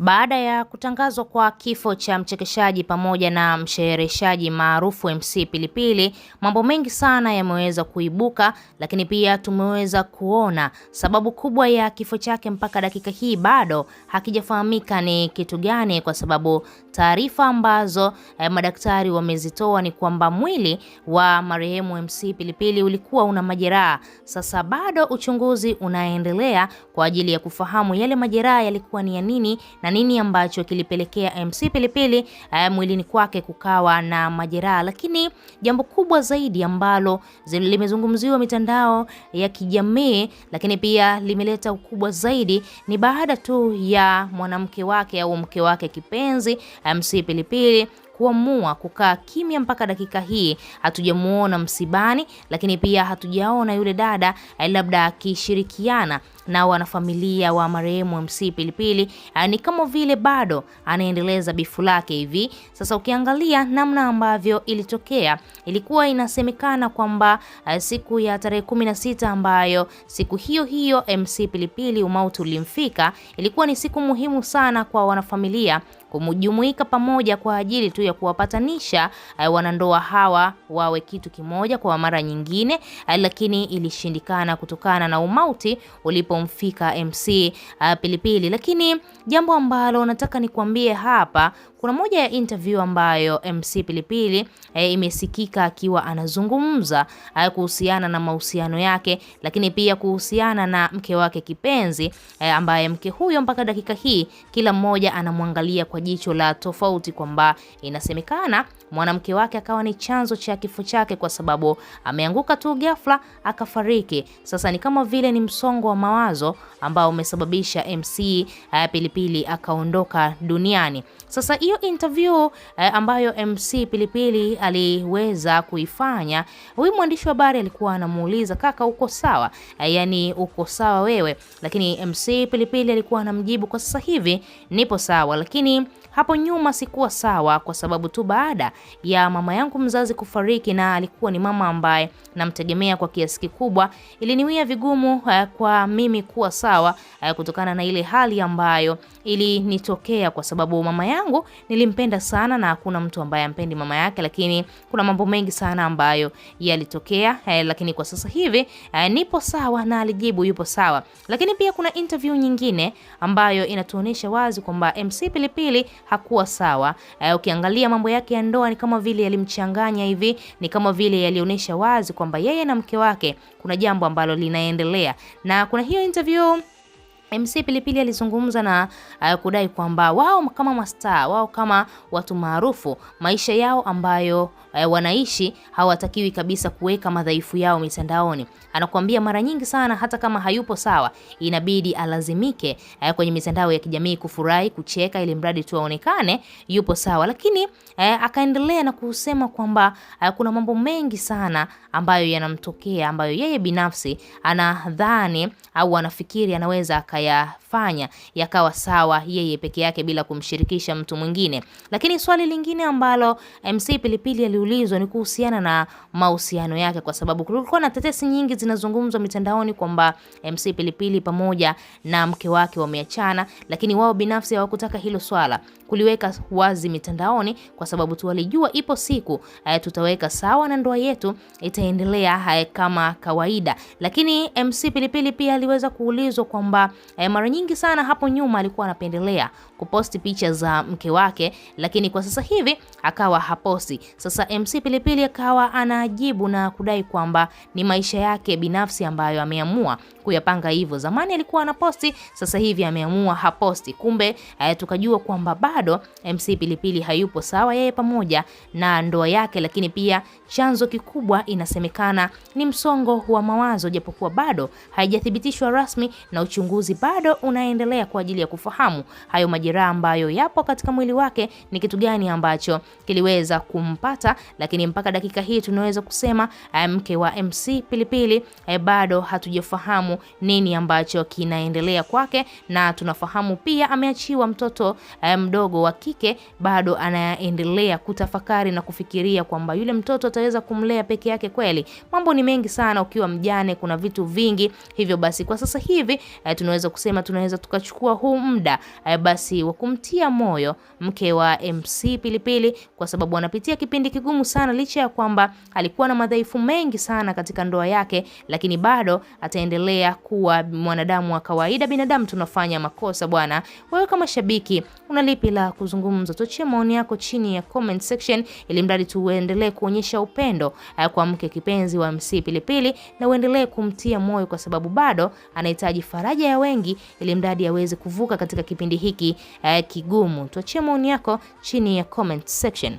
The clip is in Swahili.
Baada ya kutangazwa kwa kifo cha mchekeshaji pamoja na mshereshaji maarufu MC Pilipili, mambo mengi sana yameweza kuibuka, lakini pia tumeweza kuona sababu kubwa ya kifo chake. Mpaka dakika hii bado hakijafahamika ni kitu gani, kwa sababu taarifa ambazo eh, madaktari wamezitoa ni kwamba mwili wa marehemu MC Pilipili ulikuwa una majeraha. Sasa bado uchunguzi unaendelea kwa ajili ya kufahamu yale majeraha yalikuwa ni ya nini na na nini ambacho kilipelekea MC Pilipili eh, mwilini kwake kukawa na majeraha. Lakini jambo kubwa zaidi ambalo limezungumziwa mitandao ya kijamii, lakini pia limeleta ukubwa zaidi ni baada tu ya mwanamke wake au mke wake kipenzi MC Pilipili kuamua kukaa kimya mpaka dakika hii. Hatujamuona msibani, lakini pia hatujaona yule dada, eh, labda akishirikiana na wanafamilia wa marehemu MC Pilipili. Eh, ni kama vile bado anaendeleza bifu lake hivi. Sasa ukiangalia namna ambavyo ilitokea, ilikuwa inasemekana kwamba eh, siku ya tarehe kumi na sita ambayo siku hiyo hiyo MC Pilipili umauti ulimfika, ilikuwa ni siku muhimu sana kwa wanafamilia kumjumuika pamoja kwa ajili tu ya kuwapatanisha eh, wanandoa hawa wawe kitu kimoja kwa mara nyingine, eh, lakini ilishindikana kutokana na umauti ulipomfika MC eh, Pilipili. Lakini jambo ambalo nataka nikwambie hapa kuna moja ya interview ambayo MC Pilipili e, imesikika akiwa anazungumza e, kuhusiana na mahusiano yake, lakini pia kuhusiana na mke wake kipenzi e, ambaye mke huyo mpaka dakika hii kila mmoja anamwangalia kwa jicho la tofauti, kwamba inasemekana mwanamke wake akawa ni chanzo cha kifo chake kwa sababu ameanguka tu ghafla akafariki. Sasa ni kama vile ni msongo wa mawazo ambao umesababisha MC e, Pilipili akaondoka duniani. Sasa hiyo interview eh, ambayo MC Pilipili aliweza kuifanya, huyu mwandishi wa habari alikuwa anamuuliza kaka, uko sawa eh, yani uko sawa wewe? Lakini MC Pilipili alikuwa anamjibu kwa sasa hivi nipo sawa, lakini hapo nyuma sikuwa sawa kwa sababu tu baada ya mama yangu mzazi kufariki, na alikuwa ni mama ambaye namtegemea kwa kiasi kikubwa, iliniwia vigumu eh, kwa mimi kuwa sawa eh, kutokana na ile hali ambayo ilinitokea, kwa sababu mama yangu nilimpenda sana, na hakuna mtu ambaye ampendi mama yake, lakini kuna mambo mengi sana ambayo yalitokea, eh, lakini kwa sasa hivi nipo sawa, na alijibu yupo sawa. Lakini pia kuna interview nyingine ambayo inatuonesha wazi kwamba MC Pilipili hakuwa sawa. Uh, ukiangalia mambo yake ya ndoa ni kama vile yalimchanganya hivi, ni kama vile yalionyesha wazi kwamba yeye na mke wake kuna jambo ambalo linaendelea, na kuna hiyo interview MC Pilipili alizungumza na uh, kudai kwamba wao kama mastaa wao kama watu maarufu, maisha yao ambayo uh, wanaishi hawatakiwi kabisa kuweka madhaifu yao mitandaoni. Anakuambia mara nyingi sana, hata kama hayupo sawa, inabidi alazimike uh, kwenye mitandao ya kijamii kufurahi, kucheka, ili mradi tu aonekane yupo sawa. Lakini uh, akaendelea na kusema kwamba uh, kuna mambo mengi sana ambayo yanamtokea ambayo yeye binafsi anadhani au anafikiri anaweza aka akayafanya yakawa sawa yeye peke yake bila kumshirikisha mtu mwingine. Lakini swali lingine ambalo eh, MC Pilipili aliulizwa ni kuhusiana na mahusiano yake, kwa sababu kulikuwa na tetesi nyingi zinazungumzwa mitandaoni kwamba MC Pilipili pamoja na mke wake wameachana, lakini wao binafsi hawakutaka hilo swala kuliweka wazi mitandaoni, kwa sababu tu walijua ipo siku haya eh, tutaweka sawa na ndoa yetu itaendelea haya eh, kama kawaida. Lakini eh, MC Pilipili pia aliweza kuulizwa kwamba mara nyingi sana hapo nyuma alikuwa anapendelea kuposti picha za mke wake, lakini kwa sasa hivi akawa haposti. Sasa MC Pilipili akawa anajibu na kudai kwamba ni maisha yake binafsi ambayo ameamua kuyapanga hivyo. Zamani alikuwa anaposti, sasa hivi ameamua haposti. Kumbe tukajua kwamba bado MC Pilipili hayupo sawa yeye pamoja na ndoa yake, lakini pia chanzo kikubwa inasemekana ni msongo wa mawazo, japokuwa bado haijathibitishwa rasmi na uchunguzi bado unaendelea kwa ajili ya kufahamu hayo majeraha ambayo yapo katika mwili wake ni kitu gani ambacho kiliweza kumpata, lakini mpaka dakika hii tunaweza kusema eh, mke wa MC Pilipili eh, bado hatujafahamu nini ambacho kinaendelea kwake, na tunafahamu pia ameachiwa mtoto eh, mdogo mdogo wa kike bado anaendelea kutafakari na kufikiria kwamba yule mtoto ataweza kumlea peke yake kweli. Mambo ni mengi sana ukiwa mjane, kuna vitu vingi. Hivyo basi kwa sasa hivi eh, tunaweza kusema tunaweza tukachukua huu muda eh, basi wa kumtia moyo mke wa MC Pilipili kwa sababu anapitia kipindi kigumu sana, licha ya kwamba alikuwa na madhaifu mengi sana katika ndoa yake, lakini bado ataendelea kuwa mwanadamu wa kawaida. Binadamu tunafanya makosa bwana. Wewe kama shabiki unalipi la kuzungumza. Tuachie maoni yako chini ya comment section, ili mradi tuendelee kuonyesha upendo eh, kwa mke kipenzi wa MC Pilipili na uendelee kumtia moyo, kwa sababu bado anahitaji faraja ya wengi, ili mradi aweze kuvuka katika kipindi hiki eh, kigumu. Tuachie maoni yako chini ya comment section.